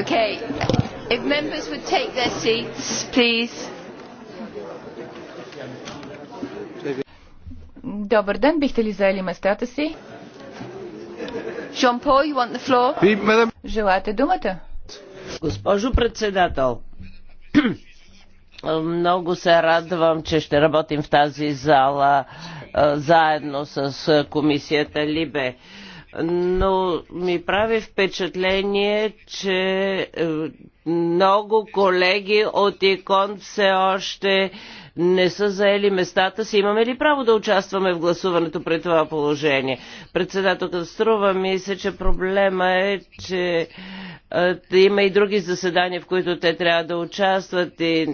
Okay. If members would take their seats, please. Добър ден, бихте ли заели местата си? Жан-Пол, you want the floor? Желаете думата? Госпожо председател, много се радвам, че ще работим в тази зала заедно с комисията Либе но ми прави впечатление, че е, много колеги от ИКОН все още не са заели местата си. Имаме ли право да участваме в гласуването при това положение? Председателката струва ми се, че проблема е, че е, има и други заседания, в които те трябва да участват и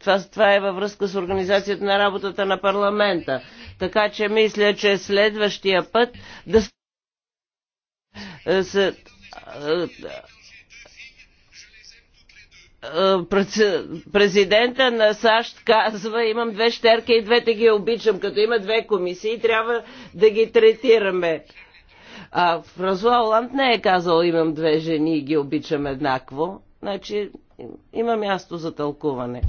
това, това е във връзка с организацията на работата на парламента. Така че мисля, че следващия път да се е, е, президента на САЩ казва, имам две щерки и двете ги обичам. Като има две комисии, трябва да ги третираме. А Франсуа Оланд не е казал, имам две жени и ги обичам еднакво. Значи има място за тълкуване.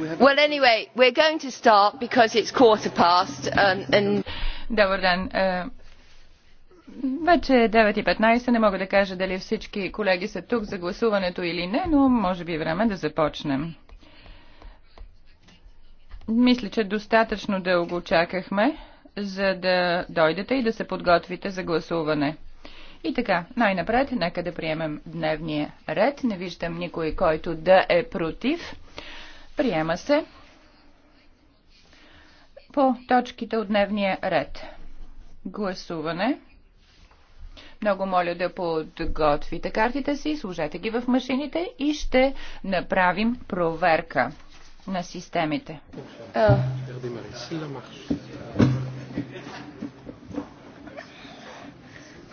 Well, anyway, going to start because quarter past and, um, and... Добър ден. Е, вече е 9.15, не мога да кажа дали всички колеги са тук за гласуването или не, но може би е време да започнем. Мисля, че достатъчно дълго чакахме, за да дойдете и да се подготвите за гласуване. И така, най-напред, нека да приемем дневния ред. Не виждам никой, който да е против. Приема се по точките от дневния ред. Гласуване. Много моля да подготвите картите си, сложете ги в машините и ще направим проверка на системите. Окей,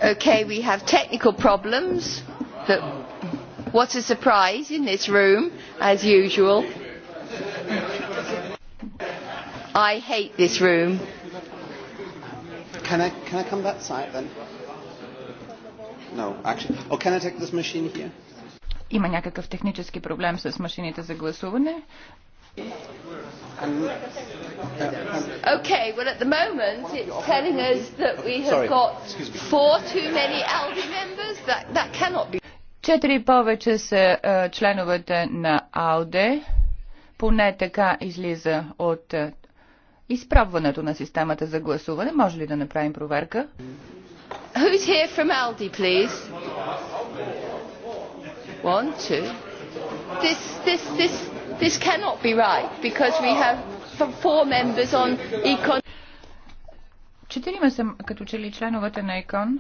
Okay, we have technical problems, but what a surprise in this room, as usual. I hate this room. Can I, can I come that side then? No, actually. Oh, can I take this machine here? Има някакъв технически проблем с машините за гласуване. Okay, well at the moment it's telling us that we have got four too many ALDE members. That, that cannot be. Четири повече са членовете на АЛДЕ. Поне така излиза от изправването на системата за гласуване. Може ли да направим проверка? Who's here from Aldi, please? One, two. This, this, this, this cannot be right because we have four members on Econ. Четирима са като че ли членовете на Econ.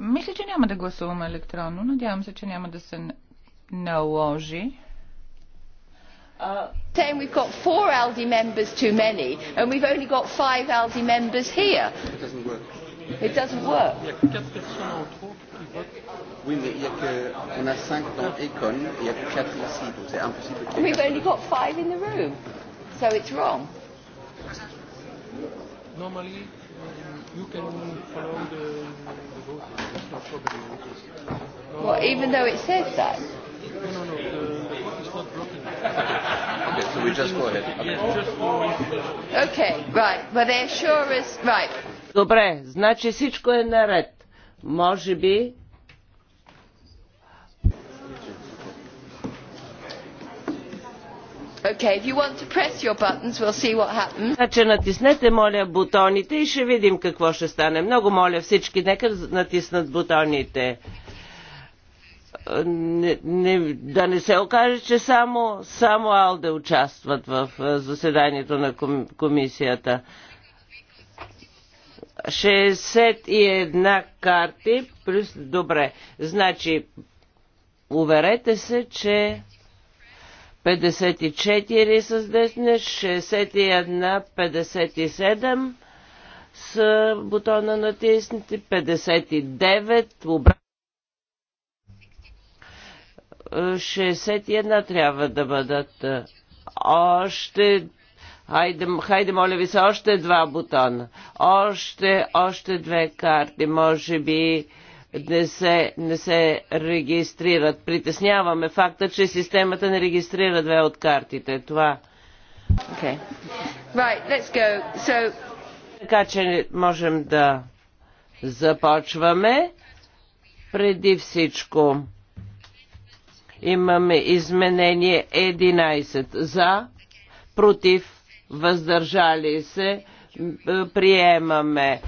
Мисля, че няма да гласуваме електронно. Надявам се, че няма да се наложи saying we have four alde members too many and we have only got five alde members here. it does not work. it does work. We've only got five in the room, so it's wrong. Normally, you can follow the, the vote. That's no problem. Well, even though it says that. No, no, no. The, the vote is not blocking. Okay, so we just go ahead. Okay. okay, right. But there sure is... Right. Добре, значи всичко е наред. Може би... Okay, if you want to press your buttons, we'll see what happens. Значи натиснете, моля, бутоните и ще видим какво ще стане. Много моля всички, нека натиснат бутоните не, не, да не се окаже, че само, само Алде участват в заседанието на комисията. 61 карти плюс добре. Значи, уверете се, че 54 с десне, 61, 57 с бутона натиснати, 59 обратно. 61 трябва да бъдат. Е, още Хайде, хайде, моля ви се, още два бутона. Още, още две карти. Може би не се, не се регистрират. Притесняваме факта, че системата не регистрира две от картите. Това. Okay. Right, let's go. So... Така че можем да започваме. Преди всичко. Имаме изменение 11 за, против, въздържали се, приемаме.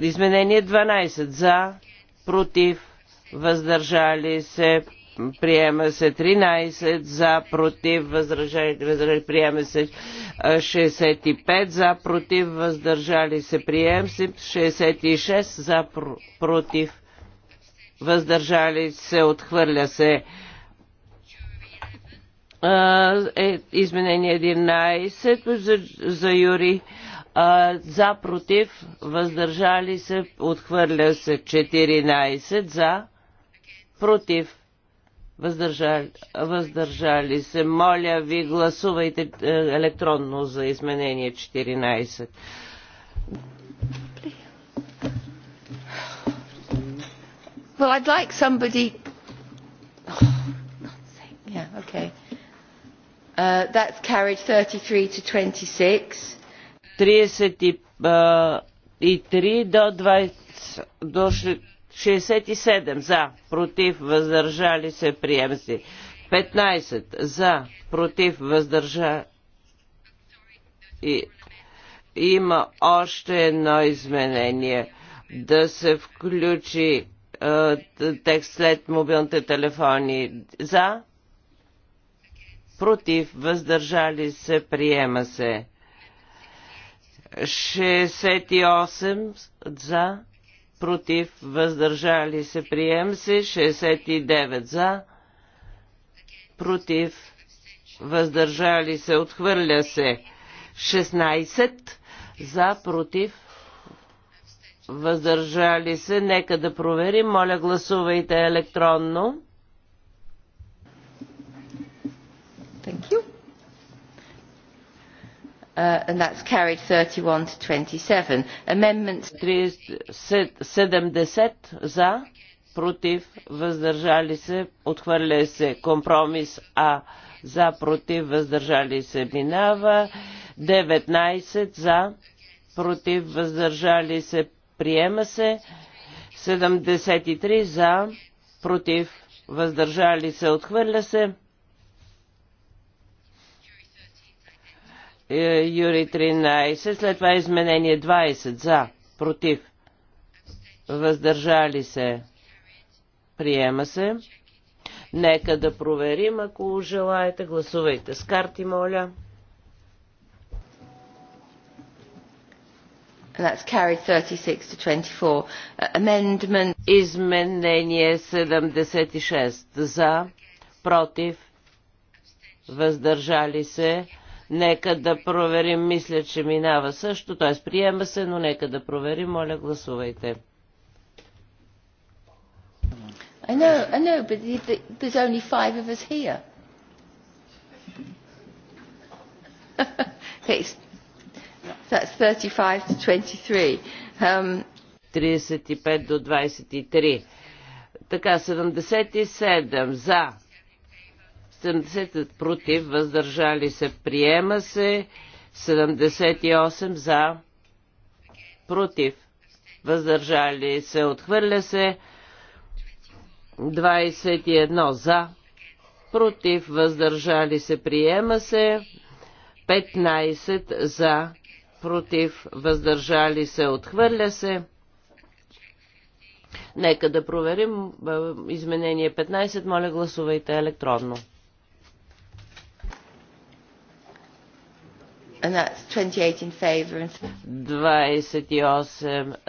Изменение 12 за, против, въздържали се, приема се 13 за, против, въздържали, въздържали приема се 65 за, против, въздържали се, прием се 66 за, против, въздържали се, отхвърля се е изменение 11 за, за Юри. А, за, против, въздържали се, отхвърля се 14 за, против, въздържали, въздържали се. Моля ви, гласувайте е, електронно за изменение 14. Well, I'd like somebody. Oh, yeah, okay. Uh, that's carried 33 to 26. 33 до 20 до 67 за, против, въздържали се, приема се. 15 за, против, въздържа и има още едно изменение да се включи е, текст след мобилните телефони за, против, въздържали се, приема се. 68 за, против, въздържали се, приема се. 69 за, против, въздържали се, отхвърля се. 16 за, против, въздържали се. Нека да проверим. Моля, гласувайте електронно. Uh, and that is carried thirty one to twenty seven. Amendments 70 за, против, въздържали се, отхвърля се компромис А за, против, въздържали се, минава. 19 за, против, въздържали се, приема се. 73 за, против, въздържали се, отхвърля се. Е, Юри 13, след това изменение 20 за, против, въздържали се, приема се. Нека да проверим, ако желаете. Гласувайте с карти, моля. And that's carried 36 to 24. Uh, amendment. Изменение 76 за, против, въздържали се. Нека да проверим. Мисля, че минава също, т.е. приема се, но нека да проверим. Моля, гласувайте. I know, I know, but there's only five of us here. It's, that's 35 to 23. Um, 35 до 23. Така, 77 за, 70 против, въздържали се, приема се. 78 за, против, въздържали се, отхвърля се. 21 за, против, въздържали се, приема се. 15 за, против, въздържали се, отхвърля се. Нека да проверим изменение 15. Моля, гласувайте електронно. And that's 28 in favor 28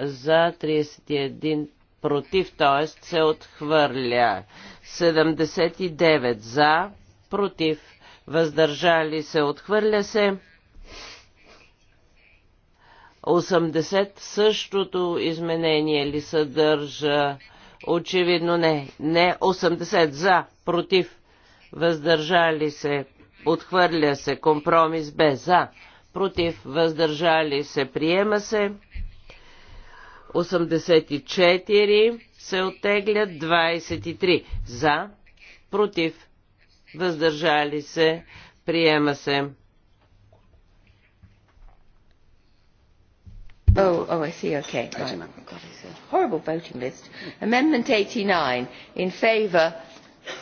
за, 31 против, т.е. се отхвърля. 79 за, против, въздържали се, отхвърля се. 80 същото изменение ли съдържа? Очевидно не. Не 80 за, против, въздържали се, Отхвърля се. Компромис Б. За. Против. Въздържали се. Приема се. 84 се оттеглят. 23. За. Против. Въздържали се. Приема се. Oh, oh, I see. Okay. Right. God, it's a horrible voting list. Amendment 89 in favour,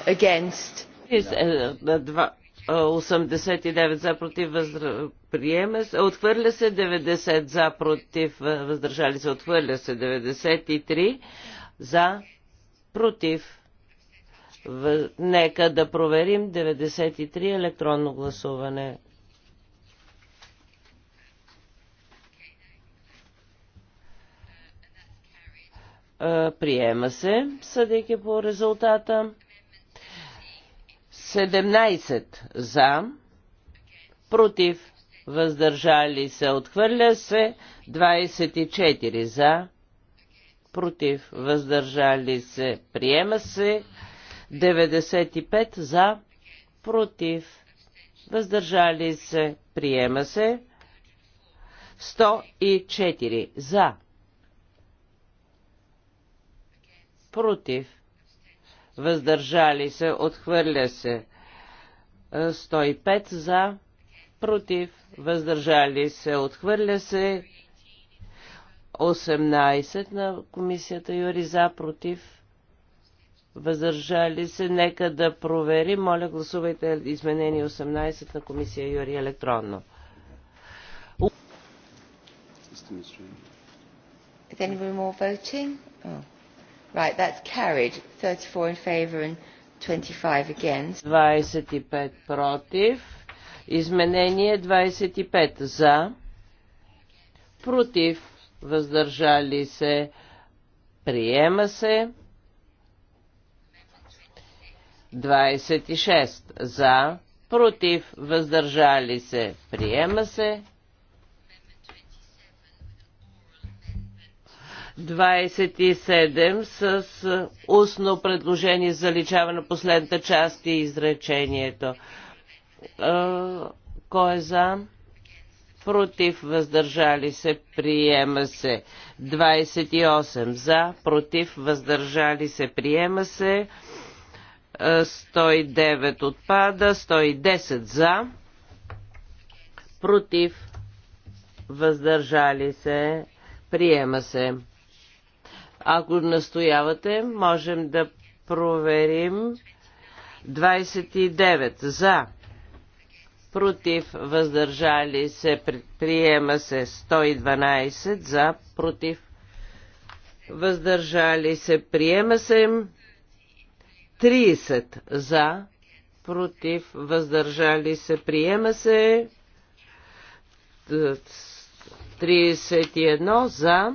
against. Uh, 89 за против въздр... приема се, отхвърля се 90 за против въздържали се, отхвърля се 93 за против. В... Нека да проверим 93 електронно гласуване. Е, приема се, съдейки по резултата. 17 за, против, въздържали се, отхвърля се, 24 за, против, въздържали се, приема се, 95 за, против, въздържали се, приема се, 104 за, против, въздържали се, отхвърля се. 105 е, за, против, въздържали се, отхвърля се. 18 на комисията Юри за, против, въздържали се. Нека да проверим. Моля, гласувайте изменение 18 на комисия Юри електронно. Is anybody more voting? Oh. Right, that's carried. 34 in favor and 25 against. 25 против. Изменение 25 за. Против. Въздържали се. Приема се. 26 за. Против. Въздържали се. Приема се. 27 с устно предложение за личаване на последната част и изречението. Кой е за? Против, въздържали се, приема се. 28 за, против, въздържали се, приема се. 109 отпада, 110 за, против, въздържали се, приема се. Ако настоявате, можем да проверим 29 за, против, въздържали се, приема се 112 за, против, въздържали се, приема се 30 за, против, въздържали се, приема се 31 за,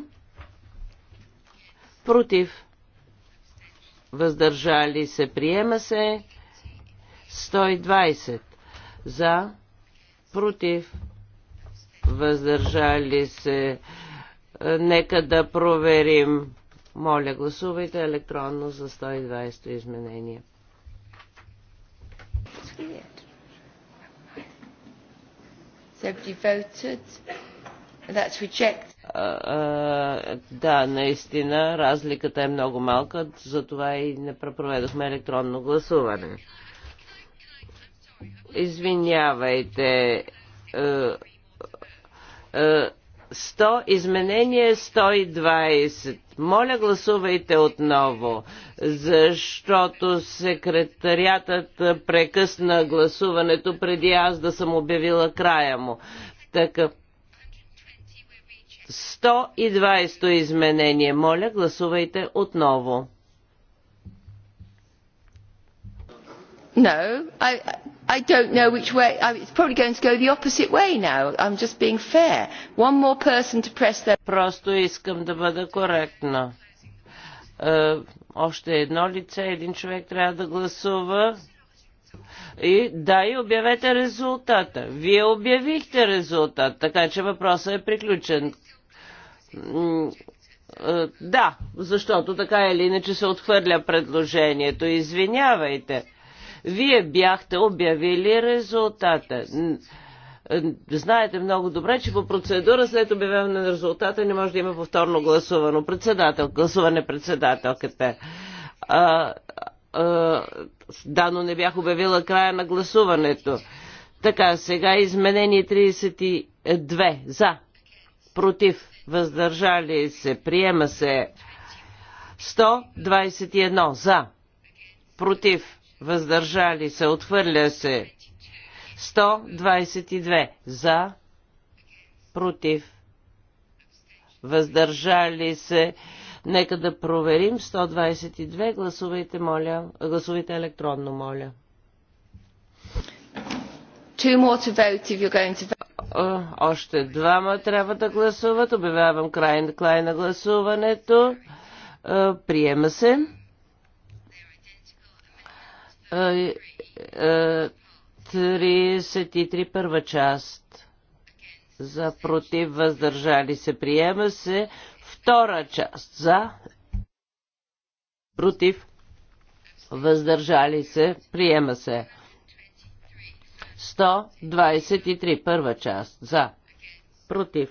против, въздържали се, приема се, 120 за, против, въздържали се, е, нека да проверим. Моля, гласувайте електронно за 120 изменение. voted. That's rejected да, наистина, разликата е много малка, затова и не проведохме електронно гласуване. Извинявайте. 100, изменение 120. Моля, гласувайте отново, защото секретариатът прекъсна гласуването преди аз да съм обявила края му. Така, 120 изменение. Моля, гласувайте отново. No, I, I don't know which way. I, it's probably going to go the opposite way now. I'm just being fair. One more person to press their... Просто искам да бъда коректна. Е, още едно лице, един човек трябва да гласува. И да, и обявете резултата. Вие обявихте резултат, така че въпросът е приключен. Да, защото така или иначе се отхвърля предложението. Извинявайте. Вие бяхте обявили резултата. Знаете много добре, че по процедура след обявяване на резултата не може да има повторно гласувано председател, гласуване председателката да, но не бях обявила края на гласуването. Така, сега изменение 32. За. Против. Въздържали се. Приема се. 121. За. Против. Въздържали се. Отхвърля се. 122. За. Против. Въздържали се. Нека да проверим. 122. Гласувайте, моля. Гласувайте електронно, моля. още двама трябва да гласуват. Обявявам край на край на гласуването. Приема се. Е, е, три първа част. За против въздържали се. Приема се. Втора част за, против, въздържали се, приема се. 123. Първа част. За. Против.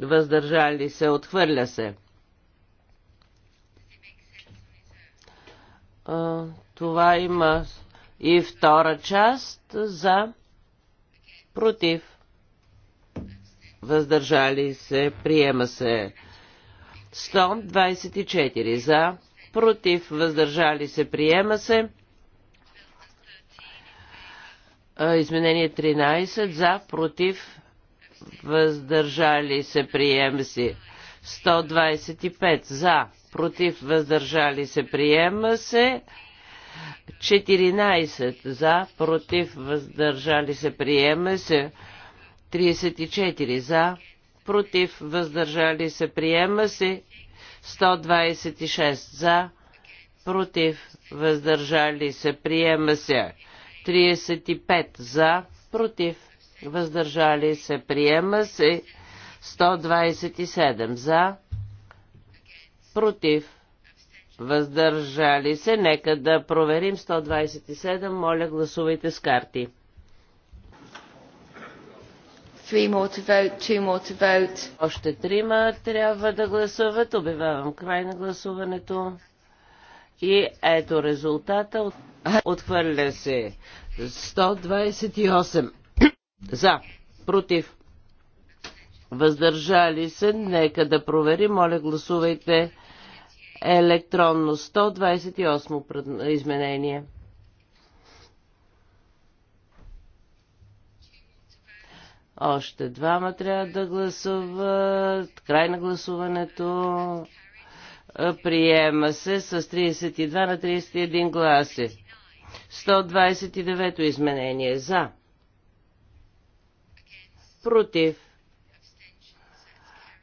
Въздържали се. Отхвърля се. това има и втора част. За. Против. Въздържали се. Приема се. 124 за, против, въздържали се, приема се. Изменение 13 за, против, въздържали се, приема се. 125 за, против, въздържали се, приема се. 14 за, против, въздържали се, приема се. 34 за, против, въздържали се, приема се. 126 за, против, въздържали се, приема се. 35 за, против, въздържали се, приема се. 127 за, против, въздържали се. Нека да проверим 127. Моля, гласувайте с карти. Още трима трябва да гласуват. Обявявам край на гласуването. И ето резултата. Отхвърля се. 128 за, против, въздържали се. Нека да проверим. Моля, гласувайте електронно. 128 изменение. Още двама трябва да гласуват. Край на гласуването. Приема се с 32 на 31 гласи. 129 изменение за. Против.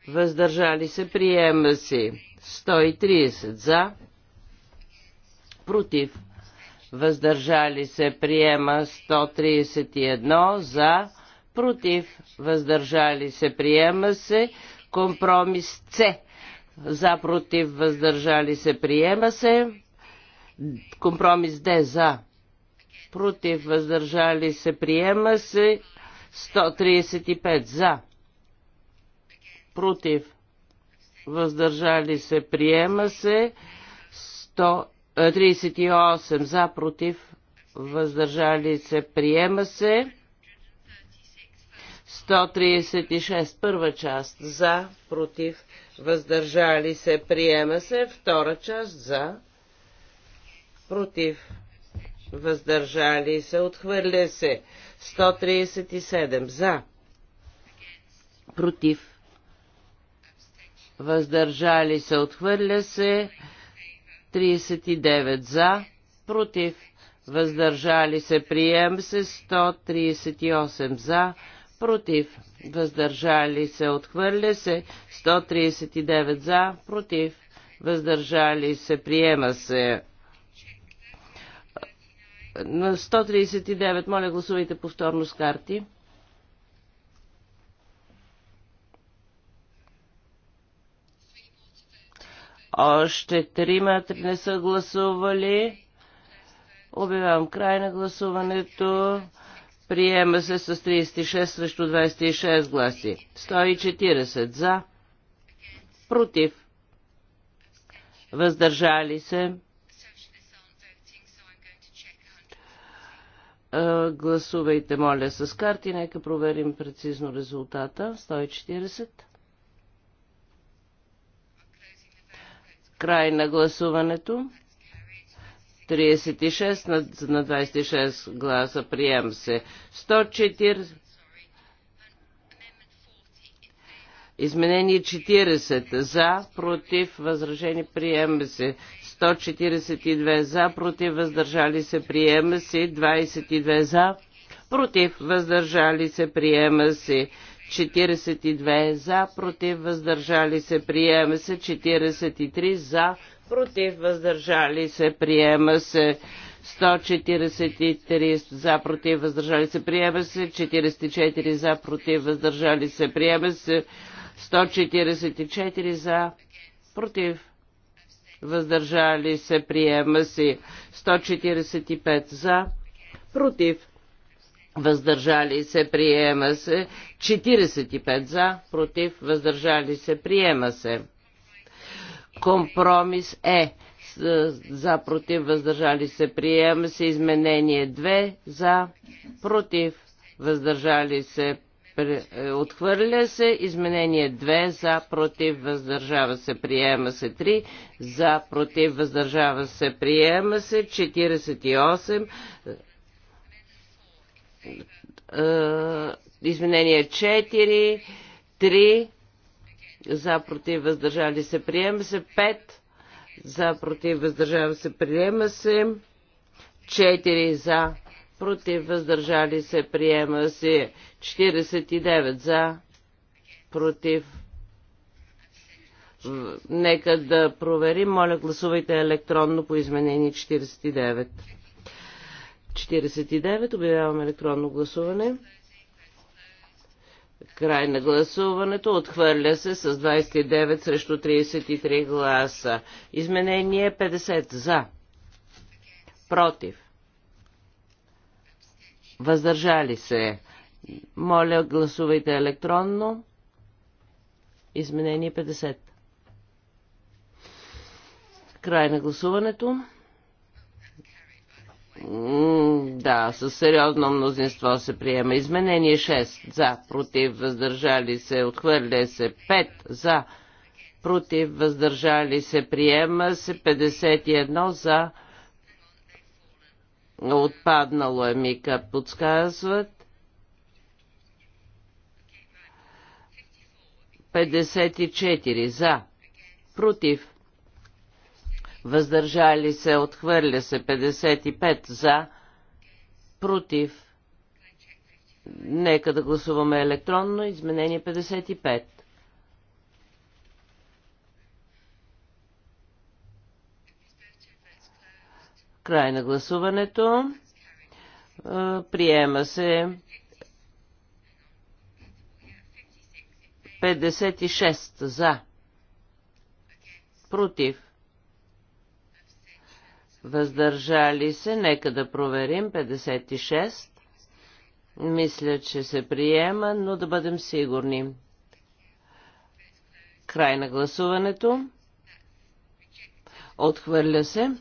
Въздържали се. Приема се. 130 за. Против. Въздържали се. Приема 131 за против, въздържали се, приема се. Компромис С. За, против, въздържали се, приема се. Компромис Д. За, против, въздържали се, приема се. 135 за, против, въздържали се, приема се. 138 е, за, против, въздържали се, приема се. 136. Първа част за, против, въздържали се, приема се. Втора част за, против, въздържали се, отхвърля се. 137. За, против, въздържали се, отхвърля се. 39. За, против, въздържали се, приема се. 138. За, против, против, въздържали се, отхвърля се, 139 за, против, въздържали се, приема се. На 139, моля гласувайте повторно с карти. Още трима не са гласували. Обявявам край на гласуването. Приема се с 36 срещу 26 гласи. 140 за. Против. Въздържали се. Е, гласувайте, моля, с карти. Нека проверим прецизно резултата. 140. Край на гласуването. 36 на, на 26 гласа. Прием се. 104. Изменение 40. За, против, възражени, прием се. 142 за, против, въздържали се, приема се. 22 за, против, въздържали се, приема се. 42 за, против, въздържали се, приема се. 43 за, против, въздържали се, приема се. 143 за против, въздържали се, приема се. 44 за против, въздържали се, приема се. 144 за против, въздържали се, приема се. 145 за против, въздържали се, приема се, 45 за, против, въздържали се, приема се. Компромис Е. За против въздържали се приема се изменение 2. За против въздържали се е, Отхвърля се изменение 2 за против въздържава се приема се 3 за против въздържава се приема се 48 е, е, изменение 4 3 за против въздържали се приема се 5 за против въздържали се приема се 4 за против въздържали се приема се 49 за против Нека да проверим. Моля, гласувайте електронно по изменение 49. 49. Обявявам електронно гласуване. Край на гласуването. Отхвърля се с 29 срещу 33 гласа. Изменение 50 за. Против. Въздържали се. Моля, гласувайте електронно. Изменение 50. Край на гласуването. Да, със сериозно мнозинство се приема. Изменение 6 за, против, въздържали се, отхвърля се 5 за, против, въздържали се, приема се 51 за, отпаднало е мика, подсказват. 54 за, против, въздържали се, отхвърля се 55 за, против. Нека да гласуваме електронно изменение 55. Край на гласуването. Приема се 56 за. Против въздържали се, нека да проверим, 56. Мисля, че се приема, но да бъдем сигурни. Край на гласуването. Отхвърля се.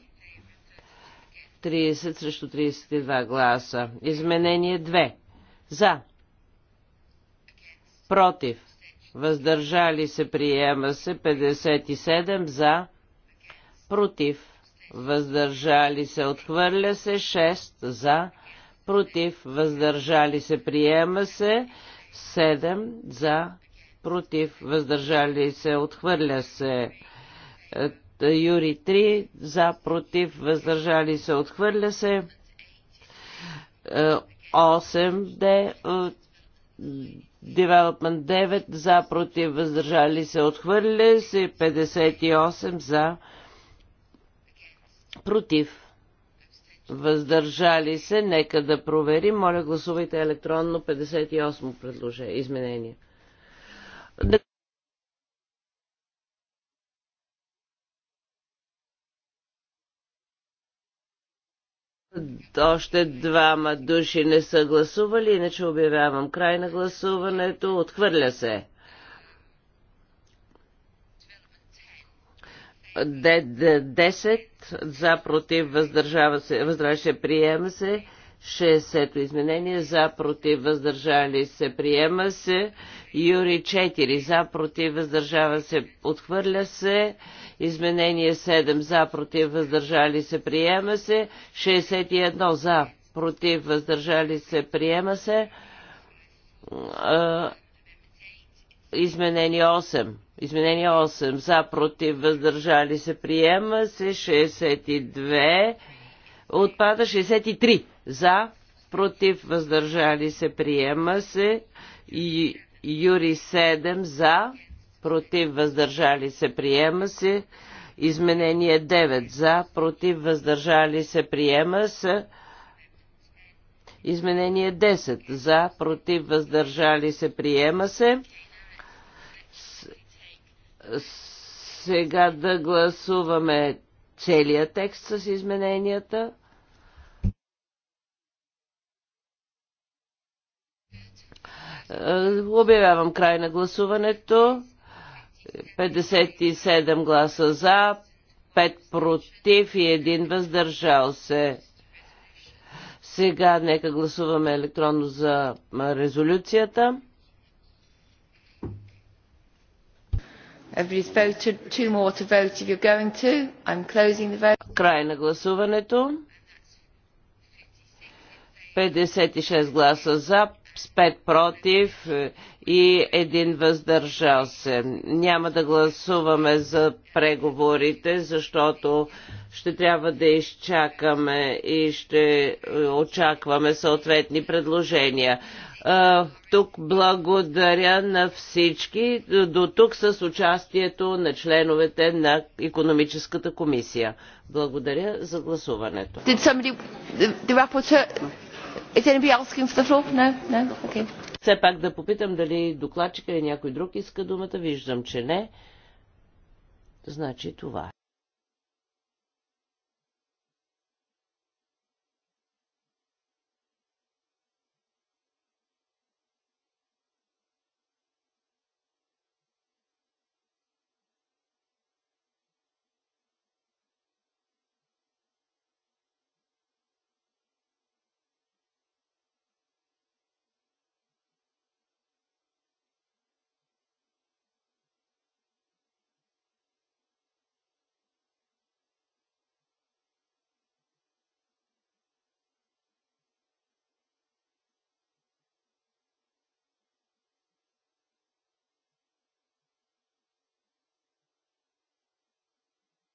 30 срещу 32 гласа. Изменение 2. За. Против. Въздържали се приема се 57 за. Против въздържали се, отхвърля се, 6 за, против, въздържали се, приема се, 7 за, против, въздържали се, отхвърля се, е, Юри 3 за, против, въздържали се, отхвърля се, 8 е, де, е, Девелопмент 9 за, против, въздържали се, отхвърля се, 58 за, Против. Въздържали се. Нека да проверим. Моля, гласувайте електронно 58 предложение. Изменение. Още двама души не са гласували, иначе обявявам край на гласуването. Отхвърля се. Д 10 за против въздържава се, въздържава се, приема се. 60-то изменение за против въздържали се приема се. Юри 4 за против въздържава се отхвърля се. Изменение 7 за против въздържали се приема се. 61 за против въздържали се приема се. Изменение 8. Изменение 8. За, против, въздържали се. Приема се 62. Отпада 63. За, против, въздържали се. Приема се. И, юри 7. За, против, въздържали се. Приема се. Изменение 9. За, против, въздържали се. Приема се. Изменение 10. За, против, въздържали се. Приема се. Сега да гласуваме целият текст с измененията. Обявявам край на гласуването. 57 гласа за, 5 против и 1 въздържал се. Сега нека гласуваме електронно за резолюцията. Край на гласуването. 56 гласа за, 5 против и един въздържал се. Няма да гласуваме за преговорите, защото ще трябва да изчакаме и ще очакваме съответни предложения. Тук благодаря на всички, до тук с участието на членовете на економическата комисия. Благодаря за гласуването. Все пак да попитам дали докладчика или някой друг иска думата. Виждам, че не. Значи това. Е.